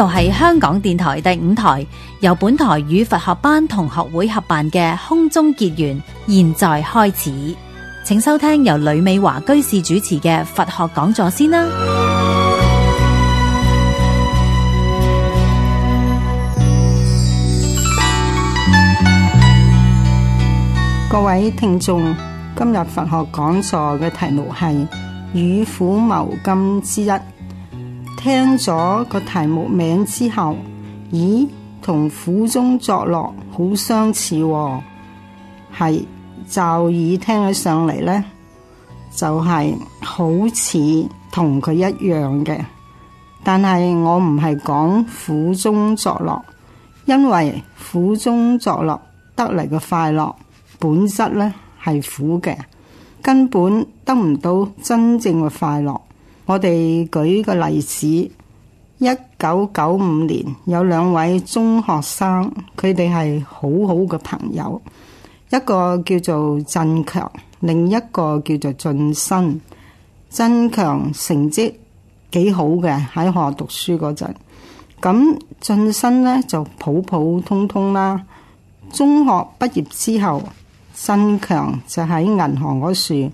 呢度係香港電台第五台，由本台與佛學班同學會合辦嘅空中結緣，現在開始，請收聽由呂美華居士主持嘅佛學講座先啦。各位聽眾，今日佛學講座嘅題目係與苦謀甘之一。聽咗個題目名之後，咦，同苦中作樂好相似。哦，係驟耳聽起上嚟，呢，就係好似同佢一樣嘅。但係我唔係講苦中作樂，因為苦中作樂得嚟嘅快樂本質呢係苦嘅，根本得唔到真正嘅快樂。我哋舉個例子，一九九五年有兩位中學生，佢哋係好好嘅朋友，一個叫做振強，另一個叫做振新。振強成績幾好嘅，喺學校讀書嗰陣，咁振新呢，就普普通通啦。中學畢業之後，振強就喺銀行嗰處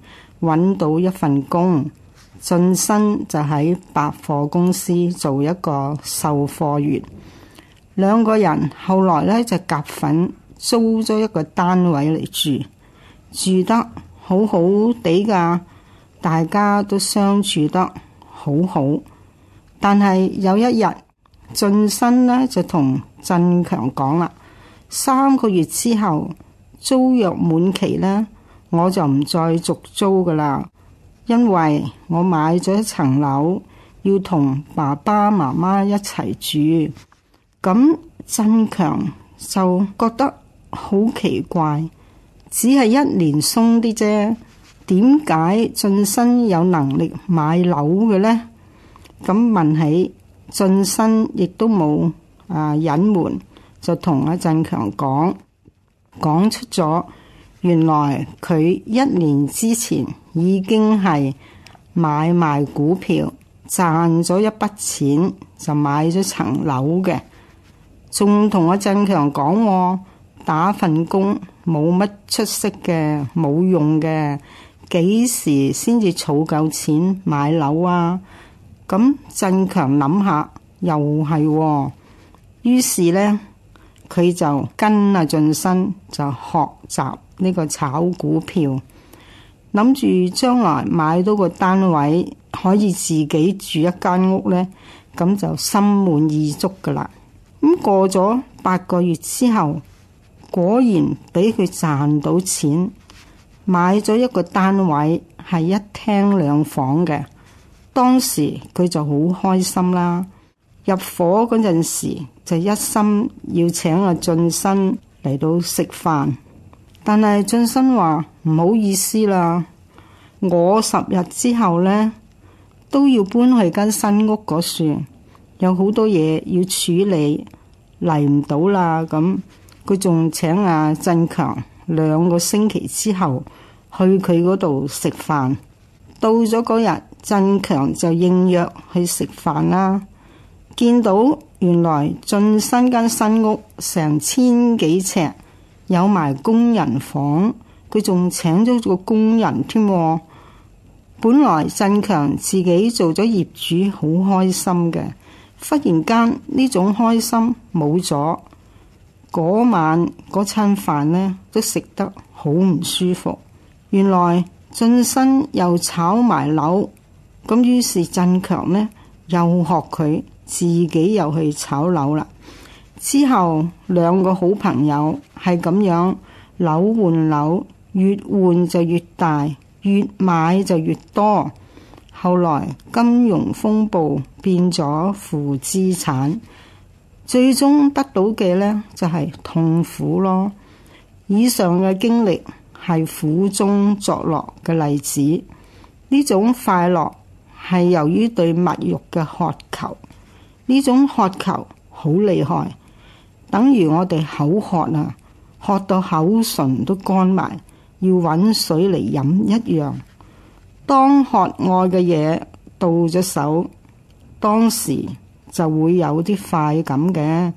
搵到一份工。進身就喺百貨公司做一個售貨員，兩個人後來咧就夾份租咗一個單位嚟住，住得好好地噶，大家都相處得好好。但係有一日，進身呢就同進強講啦，三個月之後租約滿期呢，我就唔再續租噶啦。因為我買咗一層樓，要同爸爸媽媽一齊住。咁振強就覺得好奇怪，只係一年鬆啲啫，點解進身有能力買樓嘅呢？咁問起進身，亦都冇啊隱瞞，就同阿振強講講出咗，原來佢一年之前。已經係買賣股票賺咗一筆錢，就買咗層樓嘅。仲同阿振強講，打份工冇乜出息嘅，冇用嘅。幾時先至儲夠錢買樓啊？咁振強諗下，又係，哦。於是呢，佢就跟阿俊生就學習呢個炒股票。諗住將來買到個單位可以自己住一間屋呢，咁就心滿意足噶啦。咁過咗八個月之後，果然俾佢賺到錢，買咗一個單位係一廳兩房嘅。當時佢就好開心啦。入伙嗰陣時就一心要請阿晉生嚟到食飯。但係進生話唔好意思啦，我十日之後呢，都要搬去間新屋嗰處，有好多嘢要處理，嚟唔到啦咁。佢仲請阿進強兩個星期之後去佢嗰度食飯。到咗嗰日，進強就應約去食飯啦。見到原來進生間新屋成千幾尺。有埋工人房，佢仲請咗個工人添。本來振強自己做咗業主，好開心嘅。忽然間呢種開心冇咗，嗰晚嗰餐飯呢，都食得好唔舒服。原來振新又炒埋樓，咁於是振強呢，又學佢，自己又去炒樓啦。之後兩個好朋友係咁樣樓換樓，越換就越大，越買就越多。後來金融風暴變咗負資產，最終得到嘅呢就係痛苦咯。以上嘅經歷係苦中作樂嘅例子，呢種快樂係由於對物欲嘅渴求，呢種渴求好厲害。等於我哋口渴啊，渴到口唇都乾埋，要揾水嚟飲一樣。當渴愛嘅嘢到咗手，當時就會有啲快感嘅。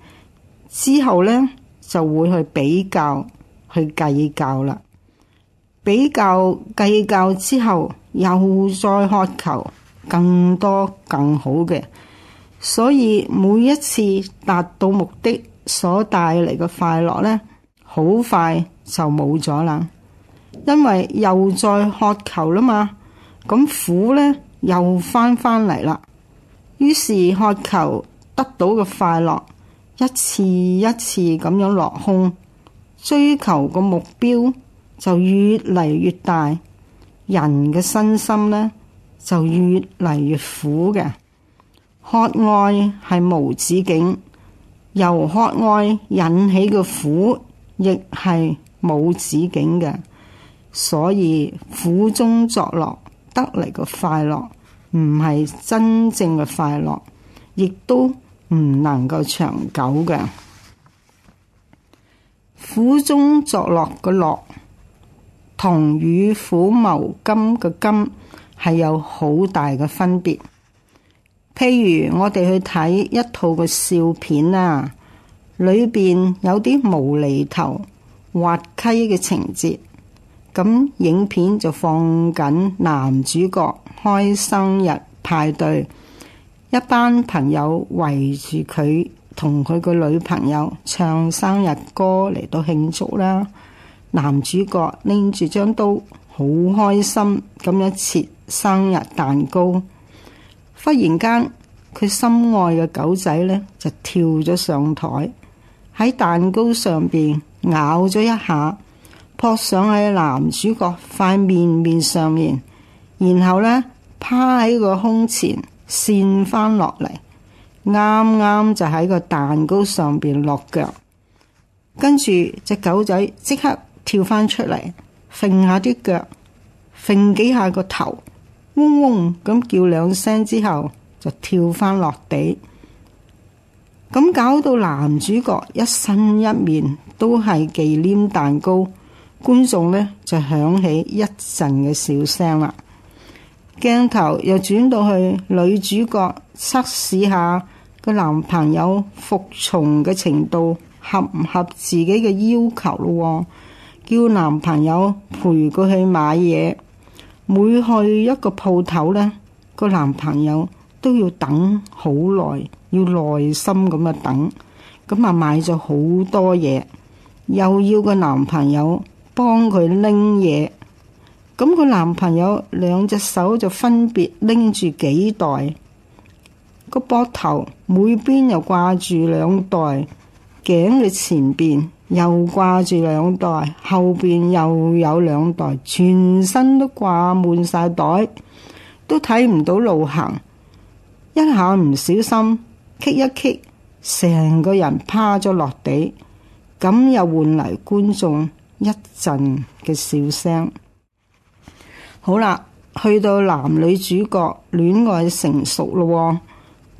之後呢，就會去比較去計較啦，比較計較之後又再渴求更多更好嘅，所以每一次達到目的。所帶嚟嘅快樂呢，好快就冇咗啦，因為又在渴求啦嘛，咁苦呢，又翻返嚟啦，於是渴求得到嘅快樂一次一次咁樣落空，追求個目標就越嚟越大，人嘅身心呢就越嚟越苦嘅，渴愛係無止境，由渴愛引起嘅苦，亦係冇止境嘅，所以苦中作樂得嚟嘅快樂唔係真正嘅快樂，亦都唔能夠長久嘅。苦中作樂嘅樂，同與苦謀甘嘅甘，係有好大嘅分別。譬如我哋去睇一套嘅笑片啊，裏邊有啲無厘頭滑稽嘅情節，咁影片就放緊男主角開生日派對，一班朋友圍住佢，同佢個女朋友唱生日歌嚟到慶祝啦。男主角拎住張刀，好開心咁樣切生日蛋糕。忽然間，佢心愛嘅狗仔咧就跳咗上台，喺蛋糕上邊咬咗一下，撲上喺男主角塊面面上面，然後咧趴喺個胸前，跣翻落嚟，啱啱就喺個蛋糕上邊落腳，跟住隻狗仔即刻跳翻出嚟，揈下啲腳，揈幾下個頭。嗡嗡咁叫兩聲之後，就跳翻落地。咁搞到男主角一身一面都係忌廉蛋糕，觀眾呢就響起一陣嘅笑聲啦。鏡頭又轉到去女主角測試下個男朋友服從嘅程度合唔合自己嘅要求咯、哦。叫男朋友陪佢去買嘢。每去一個鋪頭，呢個男朋友都要等好耐，要耐心咁啊等，咁啊買咗好多嘢，又要個男朋友幫佢拎嘢，咁個男朋友兩隻手就分別拎住幾袋，個膊頭每邊又掛住兩袋。頸嘅前邊又掛住兩袋，後邊又有兩袋，全身都掛滿晒袋，都睇唔到路行。一下唔小心，棘一棘，成個人趴咗落地，咁又換嚟觀眾一陣嘅笑聲。好啦，去到男女主角戀愛成熟咯，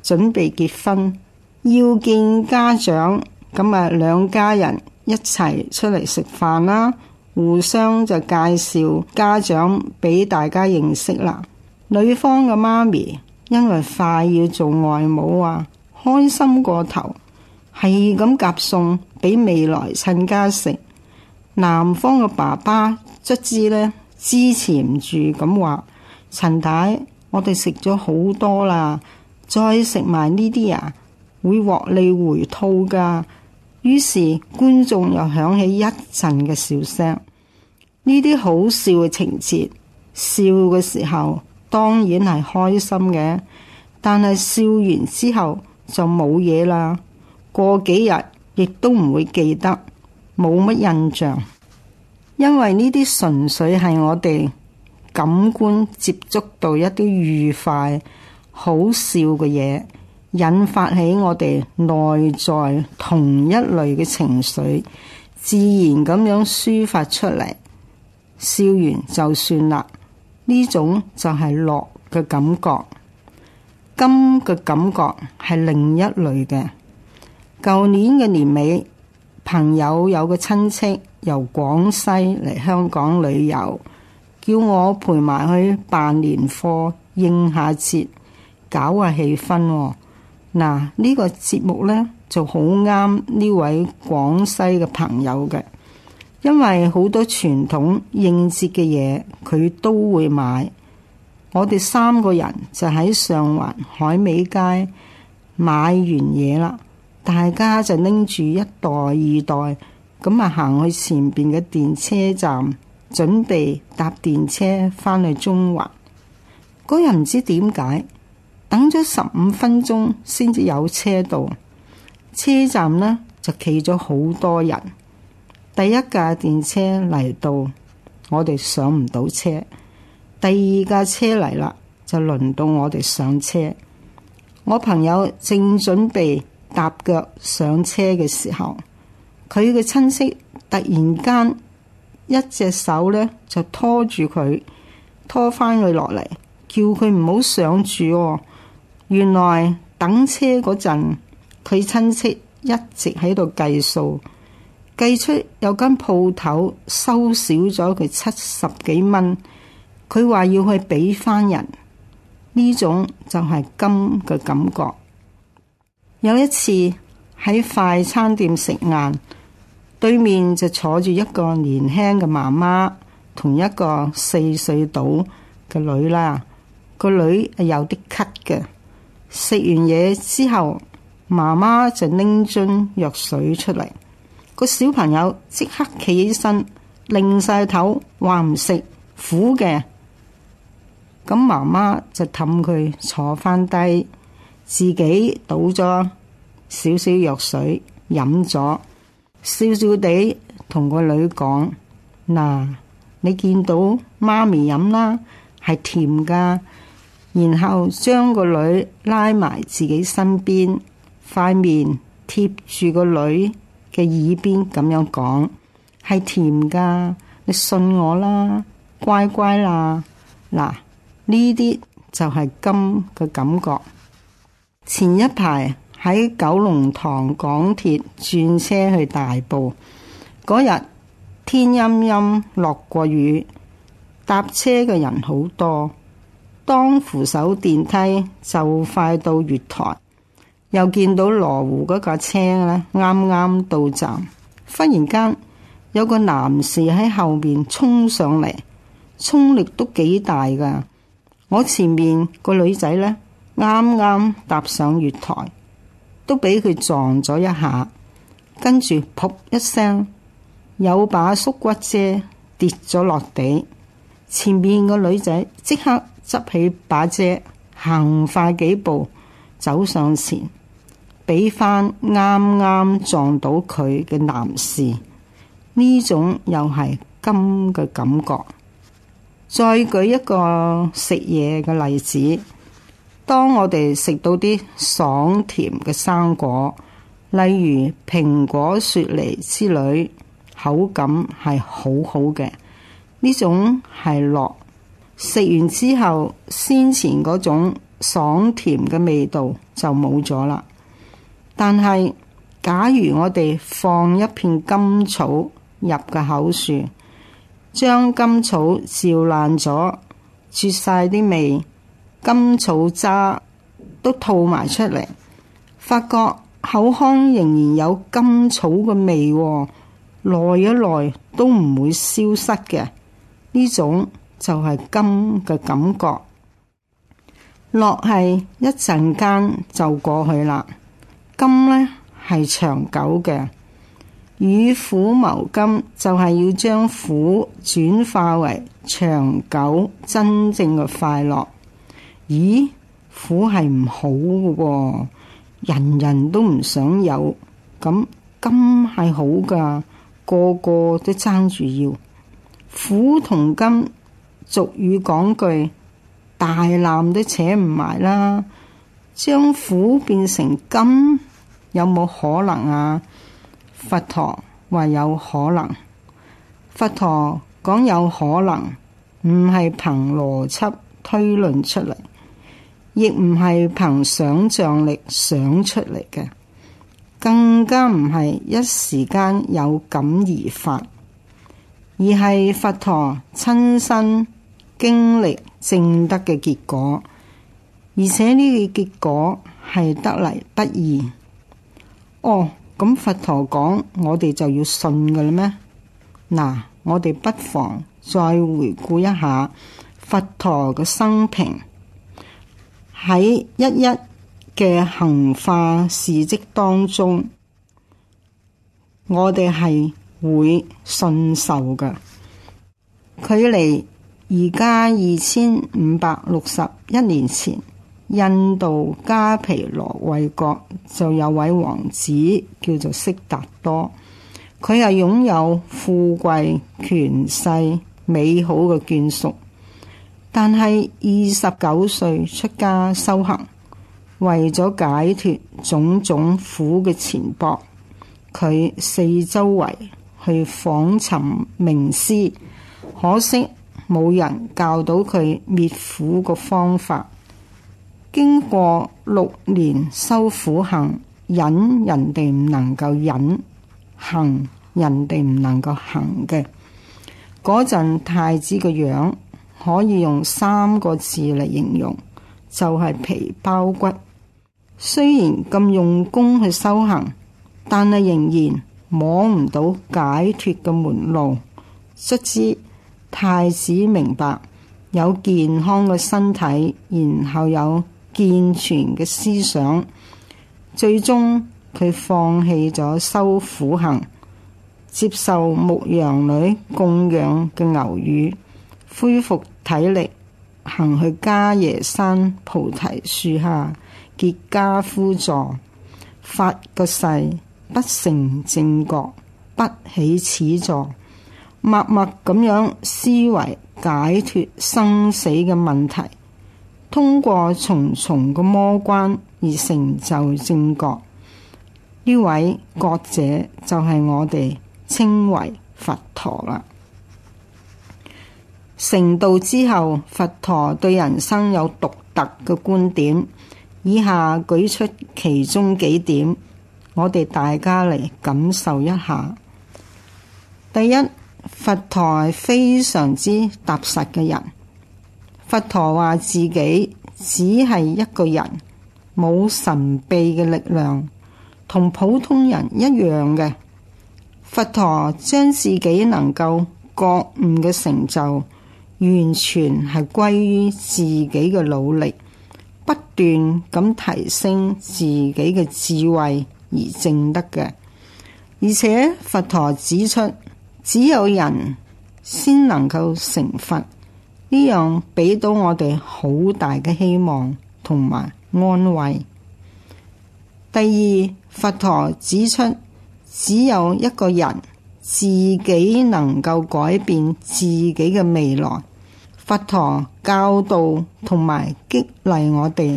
準備結婚，要見家長。咁啊，兩家人一齊出嚟食飯啦，互相就介紹家長俾大家認識啦。女方嘅媽咪因為快要做外母啊，開心過頭，係咁夾餸俾未來親家食。男方嘅爸爸卒之呢支持唔住咁話：陳太，我哋食咗好多啦，再食埋呢啲啊，會獲利回吐噶。於是觀眾又響起一陣嘅笑聲。呢啲好笑嘅情節，笑嘅時候當然係開心嘅，但係笑完之後就冇嘢啦。過幾日亦都唔會記得，冇乜印象，因為呢啲純粹係我哋感官接觸到一啲愉快、好笑嘅嘢。引發起我哋內在同一類嘅情緒，自然咁樣抒發出嚟，笑完就算啦。呢種就係樂嘅感覺，甘嘅感覺係另一類嘅。舊年嘅年尾，朋友有個親戚由廣西嚟香港旅遊，叫我陪埋去辦年貨，應下節，搞下氣氛，哦。嗱，呢個節目呢就好啱呢位廣西嘅朋友嘅，因為好多傳統應節嘅嘢佢都會買。我哋三個人就喺上環海味街買完嘢啦，大家就拎住一袋二袋咁，啊行去前邊嘅電車站，準備搭電車返去中環。嗰日唔知點解。等咗十五分鐘先至有車到，車站呢，就企咗好多人。第一架電車嚟到，我哋上唔到車。第二架車嚟啦，就輪到我哋上車。我朋友正準備搭腳上車嘅時候，佢嘅親戚突然間一隻手呢就拖住佢，拖翻佢落嚟，叫佢唔好上住哦。原來等車嗰陣，佢親戚一直喺度計數，計出有間鋪頭收少咗佢七十幾蚊。佢話要去畀返人，呢種就係金嘅感覺。有一次喺快餐店食晏，對面就坐住一個年輕嘅媽媽，同一個四歲到嘅女啦，個女有啲咳嘅。食完嘢之後，媽媽就拎樽藥水出嚟，個小朋友即刻企起身，擰晒頭話唔食苦嘅。咁媽媽就氹佢坐翻低，自己倒咗少少藥水飲咗，笑笑地同個女講：嗱，你見到媽咪飲啦，係甜㗎。然後將個女拉埋自己身邊，塊面貼住個女嘅耳邊，咁樣講係甜㗎，你信我啦，乖乖啦。嗱，呢啲就係甘嘅感覺。前一排喺九龍塘港鐵轉車去大埔，嗰日，天陰陰落過雨，搭車嘅人好多。當扶手電梯就快到月台，又見到羅湖嗰架車呢，啱啱到站。忽然間有個男士喺後面衝上嚟，衝力都幾大噶。我前面個女仔呢，啱啱踏上月台，都俾佢撞咗一下，跟住噗一聲，有把縮骨遮跌咗落地。前面個女仔即刻。執起把遮，行快幾步走上前，俾翻啱啱撞到佢嘅男士。呢種又係甘嘅感覺。再舉一個食嘢嘅例子，當我哋食到啲爽甜嘅生果，例如蘋果、雪梨之類，口感係好好嘅。呢種係樂。食完之後，先前嗰種爽甜嘅味道就冇咗啦。但係，假如我哋放一片甘草入個口樹，將甘草嚼爛咗，啜晒啲味，甘草渣都吐埋出嚟，發覺口腔仍然有甘草嘅味，耐一耐都唔會消失嘅呢種，就係甘嘅感覺，樂係一陣間就過去啦。甘呢係長久嘅，與苦謀甘就係要將苦轉化為長久真正嘅快樂。咦？苦係唔好嘅喎，人人都唔想有。咁甘係好噶，個個都爭住要苦同甘。俗語講句，大纜都扯唔埋啦。將苦變成甘，有冇可能啊？佛陀話有可能。佛陀講有可能，唔係憑邏輯推論出嚟，亦唔係憑想象力想出嚟嘅，更加唔係一時間有感而發，而係佛陀親身。經歷正德嘅結果，而且呢個結果係得嚟不易。哦，咁佛陀講，我哋就要信嘅啦咩？嗱，我哋不妨再回顧一下佛陀嘅生平，喺一一嘅行化事蹟當中，我哋係會信受嘅，佢嚟。而家二千五百六十一年前，印度迦毗羅衛國就有位王子叫做悉達多，佢係擁有富貴權勢美好嘅眷屬，但係二十九歲出家修行，為咗解脱種種苦嘅纏縛，佢四周圍去訪尋名師，可惜。冇人教到佢滅苦個方法。經過六年修苦行，忍人哋唔能夠忍，行人哋唔能夠行嘅。嗰陣太子個樣可以用三個字嚟形容，就係皮包骨。雖然咁用功去修行，但係仍然摸唔到解脱嘅門路，卒之。太子明白有健康嘅身體，然後有健全嘅思想，最終佢放棄咗修苦行，接受牧羊女供養嘅牛乳，恢復體力，行去迦耶山菩提樹下結跏趺坐，發個誓不成正覺，不起此座。」默默咁樣思維解脫生死嘅問題，通過重重嘅魔關而成就正覺。呢位覺者，就係我哋稱為佛陀啦。成道之後，佛陀對人生有獨特嘅觀點，以下舉出其中幾點，我哋大家嚟感受一下。第一。佛陀係非常之踏實嘅人，佛陀話自己只係一個人，冇神秘嘅力量，同普通人一樣嘅。佛陀將自己能夠覺悟嘅成就，完全係歸於自己嘅努力，不斷咁提升自己嘅智慧而證得嘅。而且佛陀指出。只有人先能夠成佛，呢樣俾到我哋好大嘅希望同埋安慰。第二，佛陀指出，只有一個人自己能夠改變自己嘅未來。佛陀教導同埋激勵我哋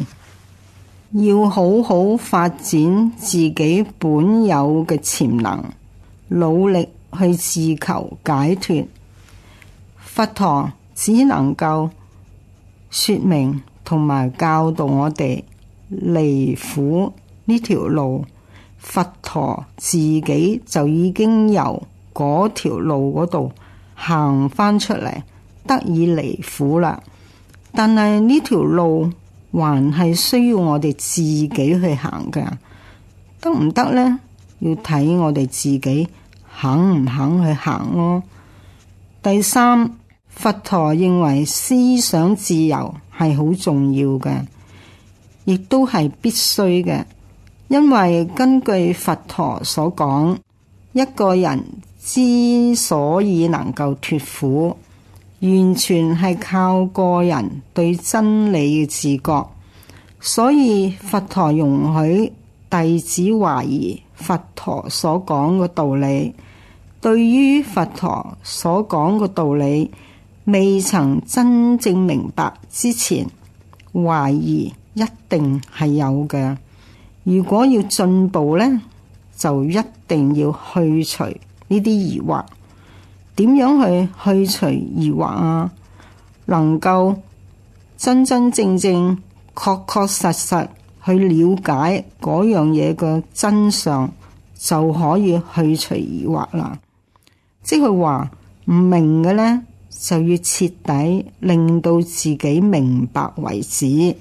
要好好發展自己本有嘅潛能，努力。去自求解脫，佛陀只能夠說明同埋教導我哋離苦呢條路，佛陀自己就已經由嗰條路嗰度行翻出嚟，得以離苦啦。但係呢條路還係需要我哋自己去行嘅，得唔得咧？要睇我哋自己。肯唔肯去行咯啊？第三，佛陀認為思想自由係好重要嘅，亦都係必須嘅。因為根據佛陀所講，一個人之所以能夠脱苦，完全係靠個人對真理嘅自覺，所以佛陀容許弟子懷疑。佛陀所講嘅道理，對於佛陀所講嘅道理，未曾真正明白之前，懷疑一定係有嘅。如果要進步呢，就一定要去除呢啲疑惑。點樣去去除疑惑啊？能夠真真正正，確確實實，去了解嗰樣嘢嘅真相，就可以去除疑惑啦。即係話唔明嘅咧，就要徹底令到自己明白為止。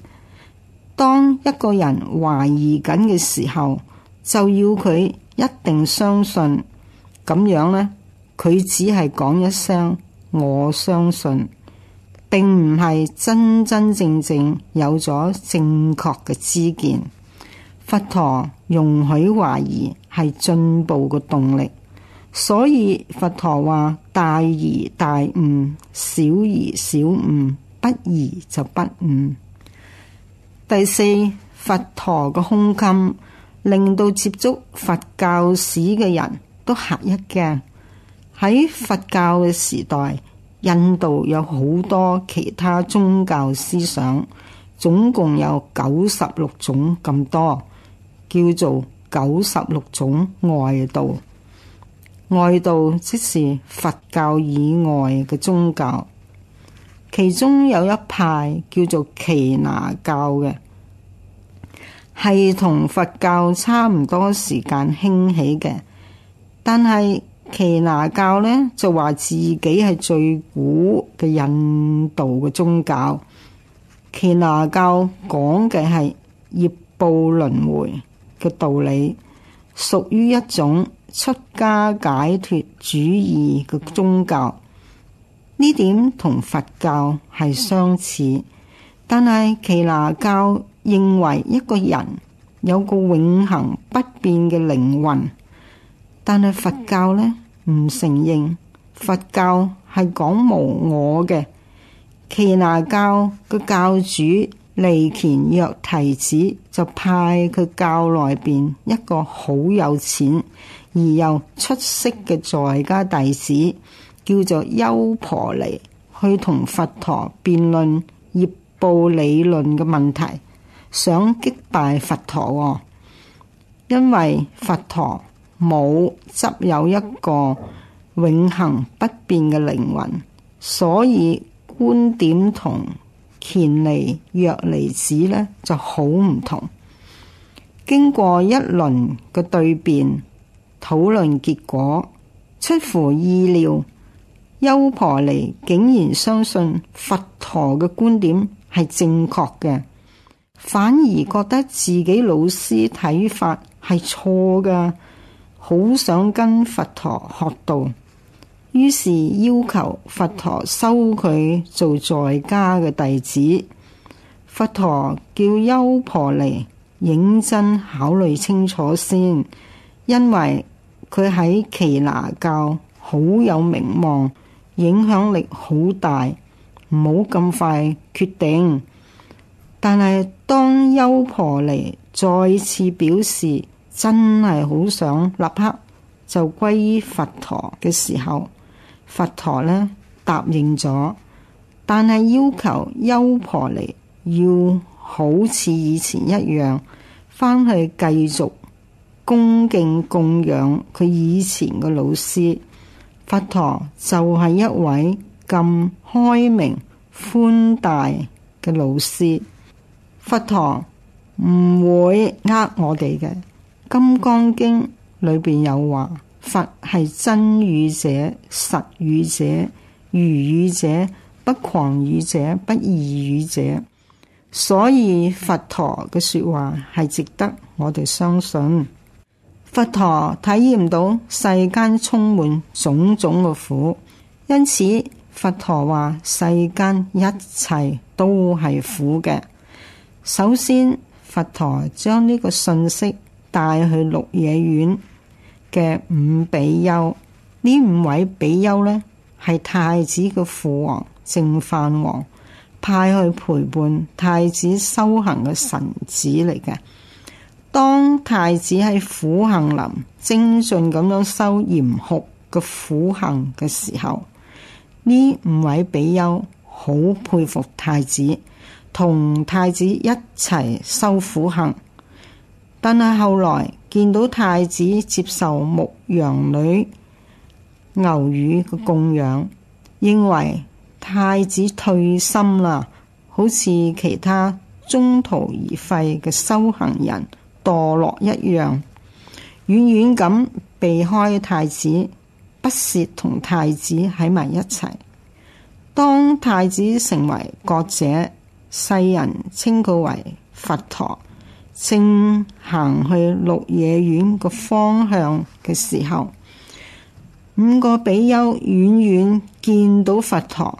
當一個人懷疑緊嘅時候，就要佢一定相信。咁樣咧，佢只係講一聲，我相信。並唔係真真正正有咗正確嘅知見，佛陀容許懷疑係進步嘅動力，所以佛陀話大疑大悟，小疑小悟，不疑就不悟。第四，佛陀嘅胸襟令到接觸佛教史嘅人都嚇一驚，喺佛教嘅時代。印度有好多其他宗教思想，總共有九十六種咁多，叫做九十六種外道。外道即是佛教以外嘅宗教，其中有一派叫做耆那教嘅，係同佛教差唔多時間興起嘅，但係。耆那教呢，就話自己係最古嘅印度嘅宗教。耆那教講嘅係業報輪迴嘅道理，屬於一種出家解脫主義嘅宗教。呢點同佛教係相似，但係耆那教認為一個人有個永恆不變嘅靈魂，但係佛教呢。唔承認，佛教係講無我嘅。耆那教嘅教主利犍若提子就派佢教內邊一個好有錢而又出色嘅在家弟子，叫做優婆尼，去同佛陀辯論業報理論嘅問題，想擊敗佛陀哦，因為佛陀。冇執有，有一個永恆不變嘅靈魂，所以觀點同鉛離若離子呢就好唔同。經過一輪嘅對辯討論，結果出乎意料，優婆離竟然相信佛陀嘅觀點係正確嘅，反而覺得自己老師睇法係錯㗎。好想跟佛陀學道，於是要求佛陀收佢做在家嘅弟子。佛陀叫優婆尼認真考慮清楚先，因為佢喺耆那教好有名望，影響力好大，唔好咁快決定。但係當優婆尼再次表示，真係好想立刻就歸於佛陀嘅時候，佛陀呢，答應咗，但係要求優婆尼要好似以前一樣，返去繼續恭敬供養佢以前嘅老師。佛陀就係一位咁開明寬大嘅老師，佛陀唔會呃我哋嘅。《金剛經》裡邊有話，佛係真語者、實語者、如語者、不誑語者、不異語者，所以佛陀嘅說話係值得我哋相信。佛陀體驗到世間充滿種種嘅苦，因此佛陀話世間一切都係苦嘅。首先，佛陀將呢個信息。帶去鹿野苑嘅五比丘，呢五位比丘呢，係太子嘅父王淨飯王派去陪伴太子修行嘅臣子嚟嘅。當太子喺苦行林精進咁樣修嚴酷嘅苦行嘅時候，呢五位比丘好佩服太子，同太子一齊修苦行。但係後來見到太子接受牧羊女、牛乳嘅供養，認為太子退心啦，好似其他中途而廢嘅修行人墮落一樣，遠遠咁避開太子，不屑同太子喺埋一齊。當太子成為國者，世人稱佢為佛陀。正行去鹿野苑個方向嘅時候，五個比丘遠,遠遠見到佛陀，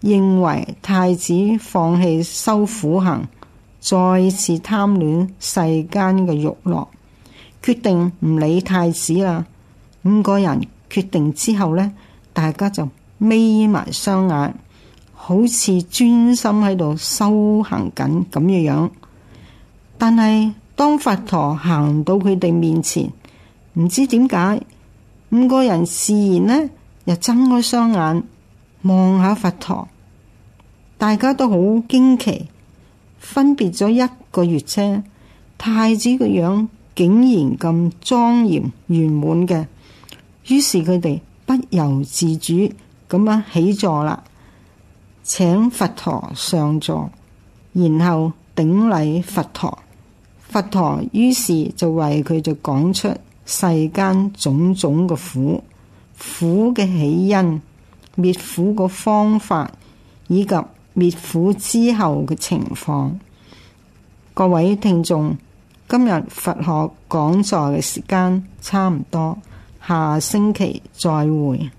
認為太子放棄修苦行，再次貪戀世間嘅欲樂，決定唔理太子啦。五個人決定之後呢，大家就眯埋雙眼，好似專心喺度修行緊咁嘅樣。但係當佛陀行到佢哋面前，唔知點解五個人自然呢又睜開雙眼望下佛陀，大家都好驚奇。分別咗一個月啫，太子個樣竟然咁莊嚴圓滿嘅，於是佢哋不由自主咁樣起座啦，請佛陀上座，然後頂禮佛陀。佛陀於是就為佢哋講出世間種種嘅苦，苦嘅起因、滅苦嘅方法以及滅苦之後嘅情況。各位聽眾，今日佛學講座嘅時間差唔多，下星期再會。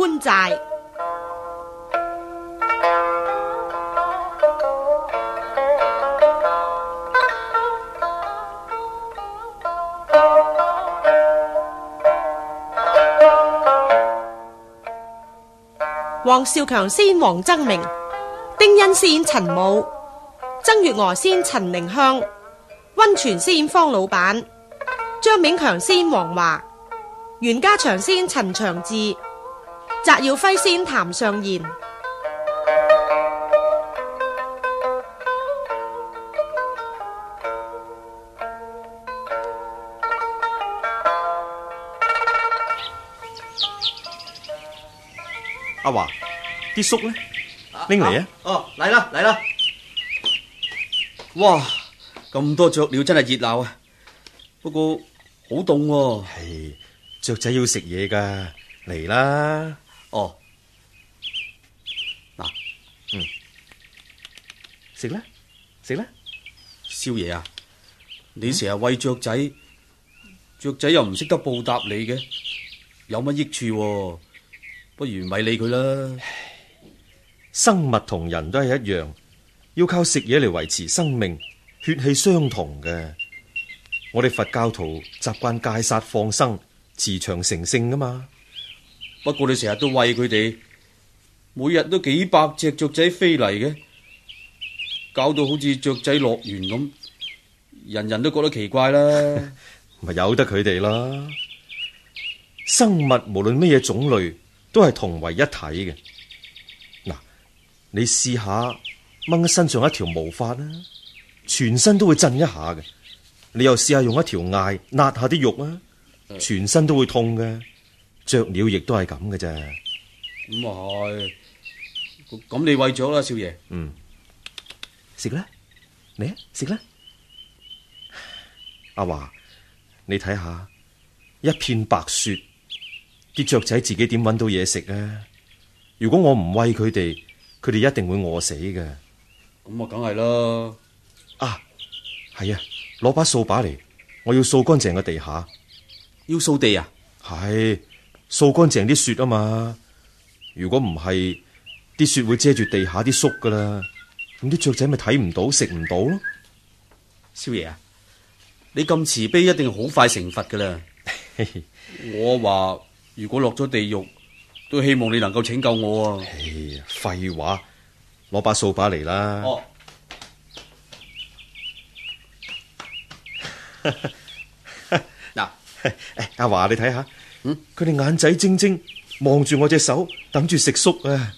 官債，黃少強先王曾明丁恩飾演陳武，曾月娥先陳明香，溫泉先方老闆，張永強先王華，袁家祥先陳長志。要揮先談上言，阿華啲粟咧拎嚟啊！哦，嚟啦嚟啦！哇，咁多雀鳥真係熱鬧啊！不過好凍喎。係雀仔要食嘢噶嚟啦。哦，嗱，嗯，食啦食啦，少爺啊！嗯、你成日餵雀仔，雀仔又唔識得報答你嘅，有乜益處？啊？不如咪理佢啦。生物同人都係一樣，要靠食嘢嚟維持生命，血氣相同嘅。我哋佛教徒習慣戒殺放生，慈祥成聖噶嘛。不過你成日都餵佢哋，每日都幾百隻雀仔飛嚟嘅，搞到好似雀仔樂園咁，人人都覺得奇怪啦，咪由得佢哋啦。生物無論咩嘢種類，都係同為一體嘅。嗱，你試下掹身上一條毛髮啊，全身都會震一下嘅。你又試下用一條艾焫下啲肉啊，全身都會痛嘅。雀鳥亦都係咁嘅啫，咁啊係咁，你喂咗啦，少爺。嗯，食啦，你？食啦，阿華，你睇下一片白雪，啲雀仔自己點搵到嘢食啊？如果我唔喂佢哋，佢哋一定會餓死嘅。咁、嗯、啊，梗係啦。啊，係啊，攞把掃把嚟，我要掃乾淨個地下。要掃地啊？係。掃乾淨啲雪啊嘛！如果唔係，啲雪會遮住地下啲粟噶啦，咁啲雀仔咪睇唔到，食唔到咯。少爺啊，你咁慈悲，一定好快成佛噶啦！ 我話如果落咗地獄，都希望你能夠拯救我啊！廢 話，攞把掃把嚟啦！嗱，阿華你睇下。嗯，佢哋眼仔晶晶望住我隻手，等住食粟啊！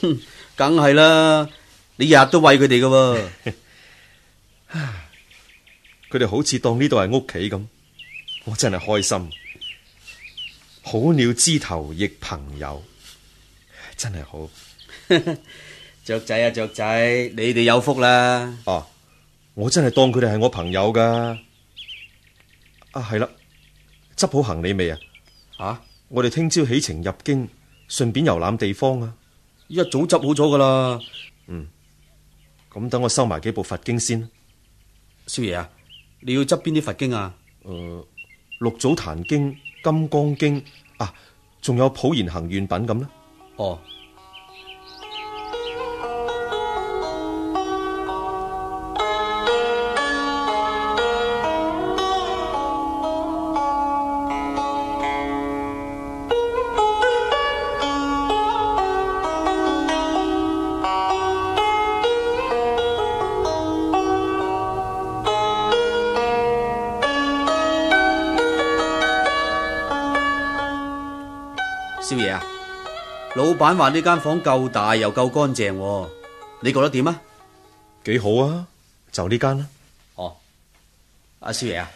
哼，梗係啦，你日日都餵佢哋噶喎。佢 哋好似當呢度係屋企咁，我真係開心。好鳥枝頭亦朋友，真係好 雀仔啊！雀仔，你哋有福啦！哦、啊，我真係當佢哋係我朋友噶。啊，係啦，執好行李未啊？啊！我哋聽朝起程入京，順便遊覽地方啊！一早執好咗㗎喇。嗯，咁等我收埋幾部佛經先。少爺啊，你要執邊啲佛經啊？誒、呃，六祖壇經、金剛經啊，仲有普賢行願品咁呢？哦。少爺啊，老闆話呢間房夠大又夠乾淨，你覺得點啊？幾好啊，就呢間啦。哦，阿少爺啊，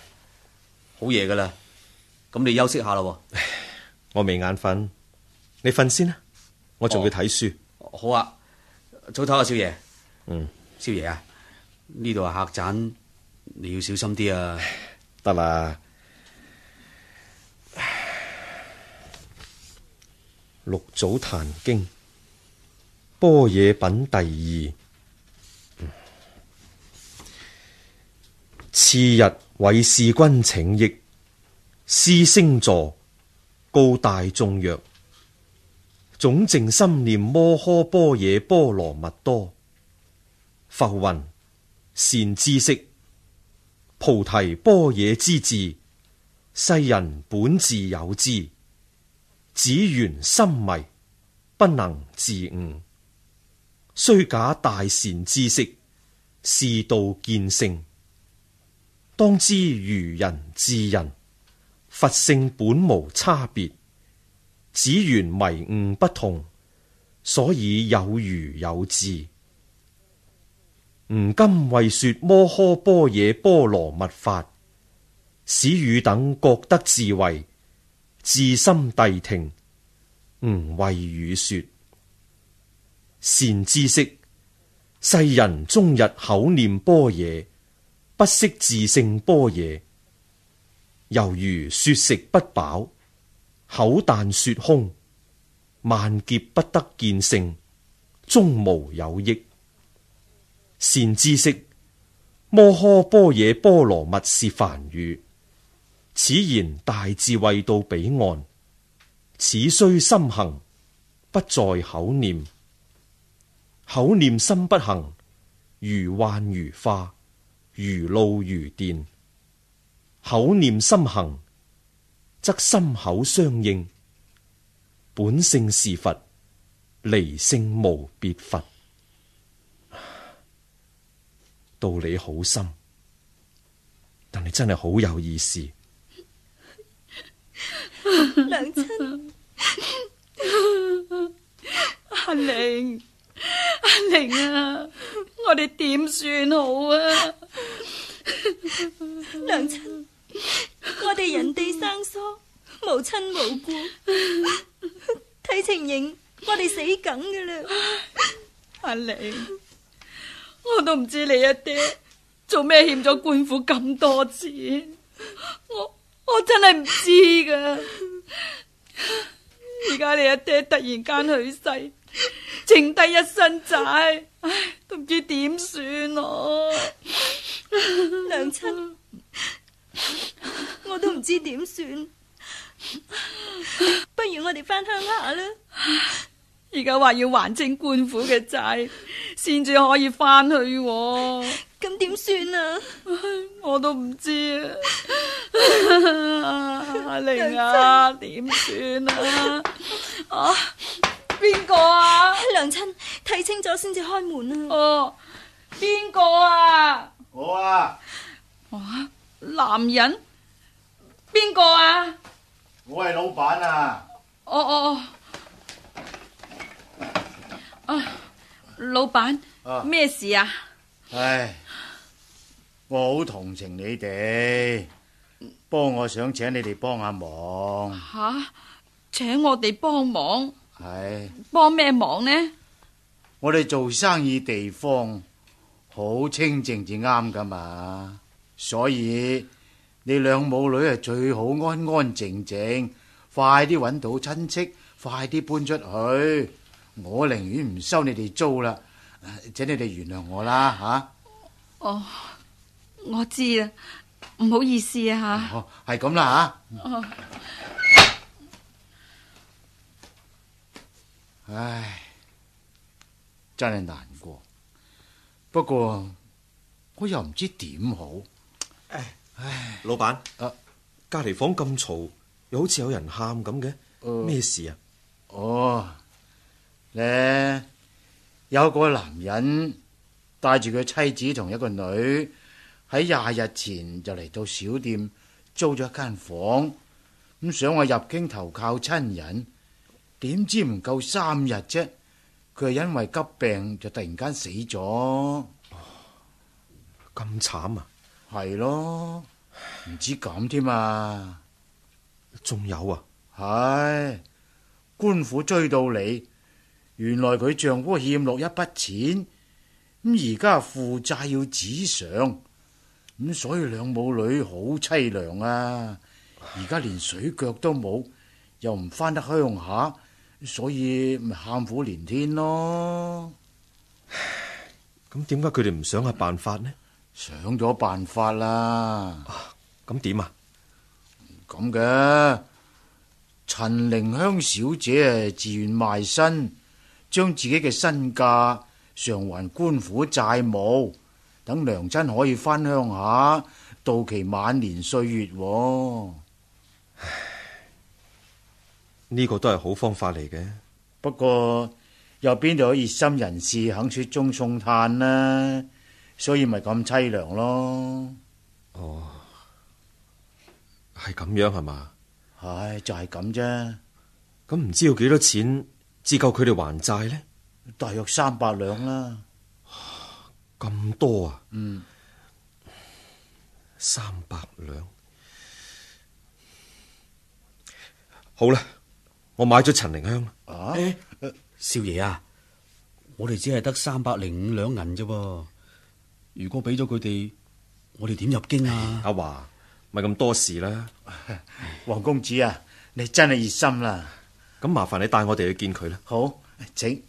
好夜噶啦，咁你休息下啦。我未眼瞓，你瞓先啦，我仲要睇書。好啊，早唞啊，少爺。嗯，少爺啊，呢度係客棧，你要小心啲啊。得啦。六祖壇經，般若品第二。次日韋使君請益，師升座，告大眾曰：總淨心念摩訶般若波羅蜜多，浮雲善知識，菩提般若之智，世人本自有之。只緣心迷，不能自悟；雖假大善知識，是道見性，當知愚人智人，佛性本無差別，只緣迷悟不同，所以有愚有智。吾今為說摩訶般若波羅蜜法，使汝等覺得智慧。自心諦聽，吾為汝說：善知識，世人終日口念般若，不識自性般若。猶如說食不飽，口但說空，萬劫不得見性，終無有益。善知識，摩訶般若波羅蜜是梵語。此言大智慧到彼岸，此須心行，不在口念。口念心不行，如幻如化，如露如電。口念心行，則心口相應。本性是佛，離性無別佛。道理好深，但係真係好有意思。娘親， 阿玲，阿玲啊，我哋點算好啊？娘親，我哋人地生疏，無親無故，睇情形我哋死梗噶啦。阿玲，我都唔知你阿爹做咩欠咗官府咁多錢，我。我真係唔知㗎，而家你阿爹突然間去世，剩低一身債，唉，都唔知點算啊！娘親，我都唔知點算，不如我哋返鄉下啦。而家話要還清官府嘅債，先至可以翻去啊。咁點、 嗯、算啊？我都唔知。阿玲啊，點算啊？啊，邊個啊？娘親，睇啊啊、清楚先至開門啊！哦，邊個啊？我啊，我啊、男人？邊個啊？我係老闆啊！哦哦。哦老闆，咩事啊？唉，我好同情你哋，幫我想請你哋幫下忙。吓、啊，請我哋幫忙？係，幫咩忙呢？我哋做生意地方好清靜至啱噶嘛，所以你兩母女係最好安安靜靜，快啲搵到親戚，快啲搬出去。我寧願唔收你哋租啦，請你哋原諒我啦吓。哦，我知啊，唔好意思啊吓。哦，係咁啦吓。哦。唉，真係難過。不過我又唔知點好。唉，老闆，誒，啊，隔籬房咁嘈，又好似有人喊咁嘅，咩事啊？哦，呃。咧有個男人帶住佢妻子同一個女喺廿日前就嚟到小店租咗一間房，咁想我入京投靠親人，點知唔夠三日啫，佢係因為急病就突然間死咗，咁慘啊！係咯，唔知咁添嘛，仲有啊，唉，官府追到你。原來佢丈夫欠落一筆錢，咁而家負債要紙償，咁所以兩母女好凄涼啊！而家連水腳都冇，又唔翻得鄉下，所以喊、啊、苦連天咯。咁點解佢哋唔想下辦法呢？想咗辦法啦。咁點啊？咁嘅陳靈香小姐自願賣身，將自己嘅身價償還官府債務，等娘親可以翻鄉下度其晚年歲月。唉，呢個都係好方法嚟嘅。不過有邊度有熱心人士肯雪中送炭呢？所以咪咁淒涼咯。哦，係咁樣係嘛？唉，就係咁啫。咁唔知要幾多錢？只夠佢哋還債呢，大約三百兩啦。咁多啊？嗯，三百兩。好啦，我買咗陳寧香啦。啊？哎、少爺啊，我哋只係得三百零五兩銀啫。如果俾咗佢哋，我哋點入京啊？哎、阿華，咪咁多事啦。哎、黃公子啊，你真係熱心啦。咁麻煩你帶我哋去見佢啦。好，請，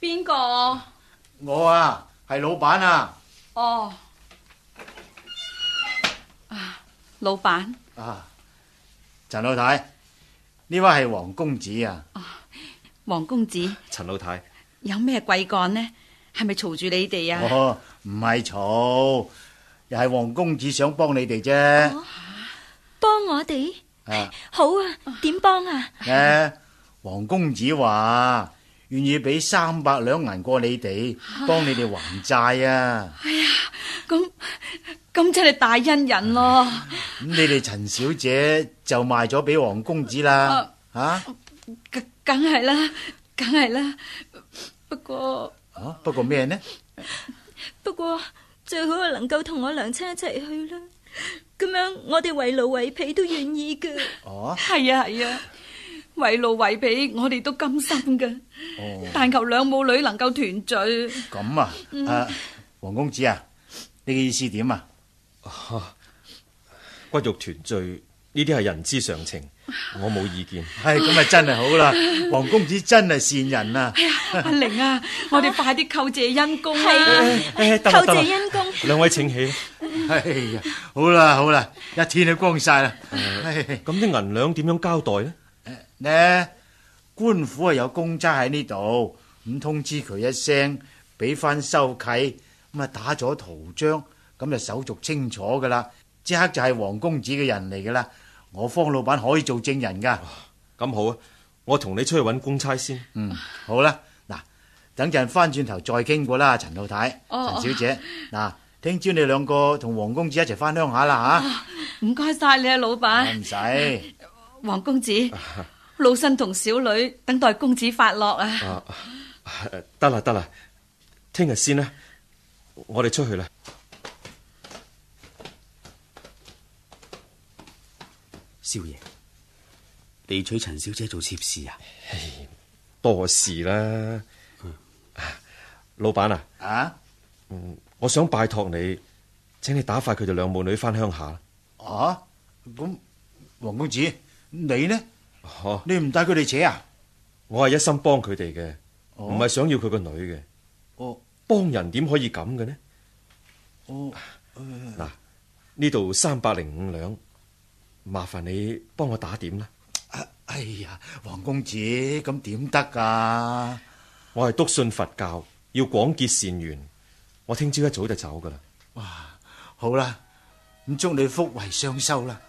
邊個？我啊，係老闆啊。哦，啊，老闆。啊，陳老太，呢位係黃公子啊。啊，黃公子。陳老太，有咩貴幹？呢？係咪嘈住你哋啊？唔係嘈。又係黃公子想幫你哋啫。幫我哋，好啊，點幫啊？誒，黃公子話願意俾三百兩銀過你哋，幫你哋還債啊！哎呀，咁咁真係大恩人咯！咁你哋陳小姐就賣咗俾黃公子啦。吓，梗梗係啦，梗係啦，不過，啊，不過咩呢？不過。最好係能夠同我娘親一齊去啦，咁樣我哋為奴為婢都願意噶。哦，係啊係啊，為奴為婢我哋都甘心噶。哦，但求兩母女能夠團聚。咁啊？嗯。啊，黃公子啊，你嘅意思點啊？哦，骨肉團聚呢啲係人之常情。我冇意見，係咁咪真係好啦！黃公子真係善人啊！阿玲啊，我哋快啲叩謝恩公啦！叩謝恩公，兩位請起。哎呀，好啦好啦，一天都光晒啦。咁啲銀兩點樣交代呢？呢官府係有公差喺呢度，咁通知佢一聲，俾翻收契，咁啊打咗圖章，咁就手續清楚噶啦。即刻就係黃公子嘅人嚟噶啦。我方老闆可以做證人噶、哦，咁好啊！我同你出去揾公差先。嗯，好啦，嗱，等陣翻轉頭再傾過啦，陳老太、陳、哦、小姐，嗱，聽朝你兩個同黃公子一齊翻鄉下啦吓。唔該晒你啊，老闆。唔使用。黃公子，老身同小女等待公子發落啊。得啦得啦，聽日先啦，先我哋出去啦。少爺，你娶陳小姐做妾侍,事、嗯、啊？多事啦！老闆啊，啊，我想拜託你，請你打發佢哋兩母女翻鄉下。啊？咁，黃公子，你呢？哦、你唔帶佢哋扯啊？我係一心幫佢哋嘅，唔係、哦、想要佢個女嘅。哦，幫人點可以咁嘅呢？哦，嗱、欸，呢度三百零五兩。麻煩你幫我打點啦！哎呀，黃公子咁點得啊？我係篤信佛教，要廣結善緣，我聽朝一早就走噶啦。哇，好啦，咁祝你福慧雙收啦！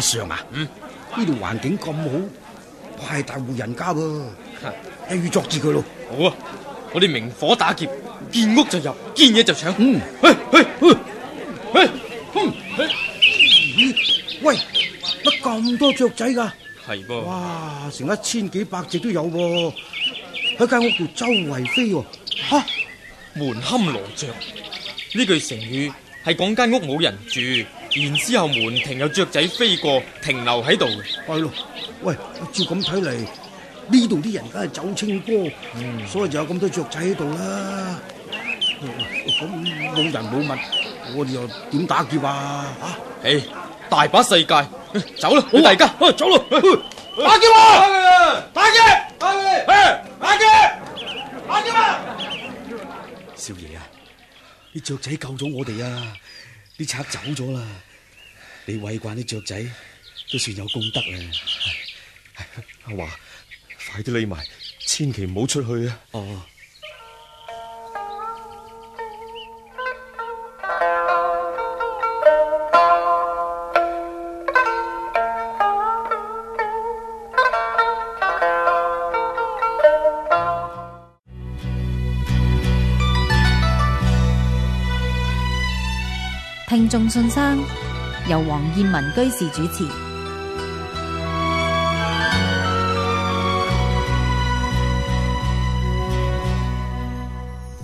上啊，嗯，呢度環境咁好，係大戶人家喎，又要捉住佢咯，好啊，我哋明火打劫，見屋就入，見嘢就搶，嗯，嘿，嘿，嘿，嘿，哼，咦，喂，乜咁多雀仔㗎？係噃，哇，成一千幾百隻都有喎，喺間屋度周圍飛喎，吓，門可羅雀呢句成語係講間屋冇人住。然之後門庭有雀仔飛過，停留喺度。係咯，喂，照咁睇嚟，呢度啲人梗係走清波，所以就有咁多雀仔喺度啦。咁冇人冇物，我哋又點打劫啊？吓，誒，大把世界，走啦，去第間，大家走啦，打劫啊，打劫，打劫，誒，打劫，打劫啊！少爺啊，啲雀仔救咗我哋啊！啲賊走咗啦，你餵慣啲雀仔都算有功德啦。哎，阿華，快啲匿埋，千祈唔好出去啊！眾信生由黃燕文居士主持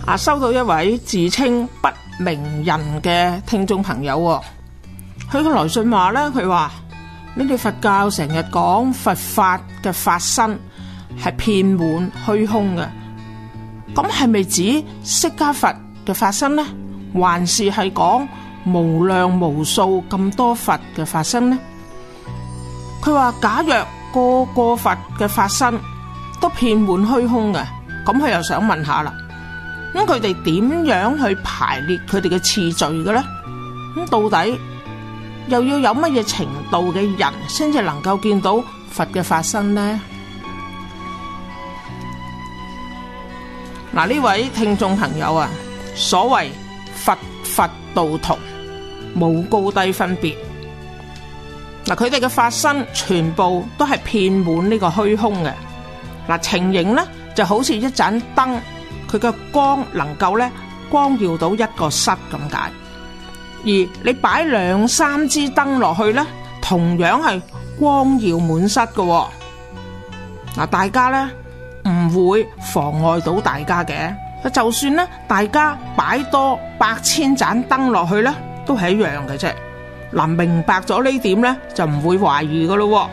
啊，收到一位自稱不明人嘅聽眾朋友，佢嘅來信話呢，佢話：呢啲佛教成日講佛法嘅法身係遍滿虛空嘅，咁係咪指釋迦佛嘅法身呢？還是係講？無量無數咁多佛嘅化身呢？佢話假若個個佛嘅化身都遍滿虛空嘅，咁佢又想問下啦。咁佢哋點樣去排列佢哋嘅次序嘅呢？咁到底又要有乜嘢程度嘅人先至能夠見到佛嘅化身呢？嗱，呢位聽眾朋友啊，所謂佛佛道同。冇高低分別嗱，佢哋嘅法身全部都係遍滿呢個虛空嘅嗱。情形咧就好似一盞燈，佢嘅光能夠咧光耀到一個室咁解。而你擺兩三支燈落去咧，同樣係光耀滿室嘅嗱。大家咧唔會妨礙到大家嘅，就算咧大家擺多百千盞燈落去咧。都係一樣嘅啫，嗱，明白咗呢點呢，就唔會懷疑噶咯。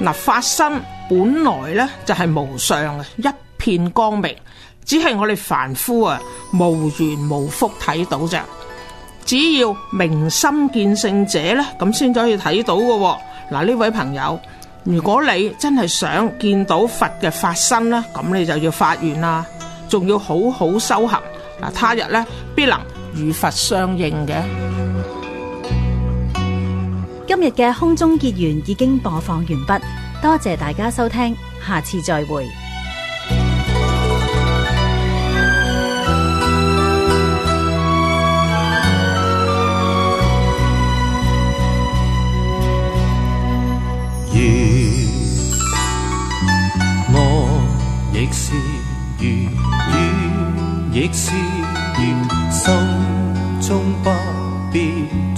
嗱，法身本來呢，就係無上嘅，一片光明，只係我哋凡夫啊無緣無福睇到啫。只要明心見性者呢，咁先可以睇到噶。嗱，呢位朋友，如果你真係想見到佛嘅法身呢，咁你就要發願啦，仲要好好修行。嗱，他日呢，必能。與佛相應嘅，今日嘅空中結緣已經播放完畢，多謝大家收聽，下次再會。月，我亦是月，月亦是。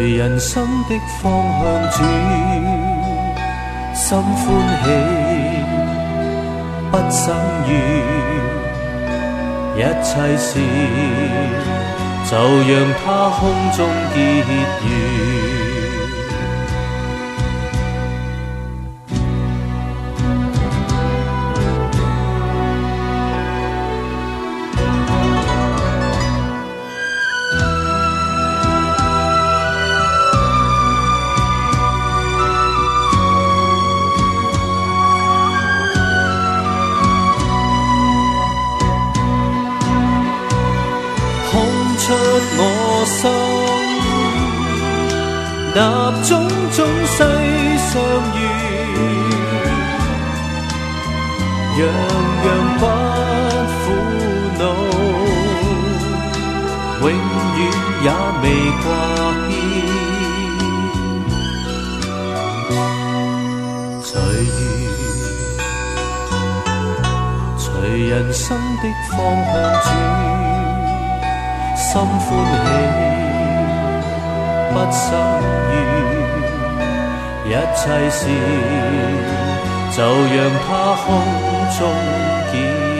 隨人生的方向轉，心歡喜，不生怨。一切事就讓它空中結緣。就讓它空中見。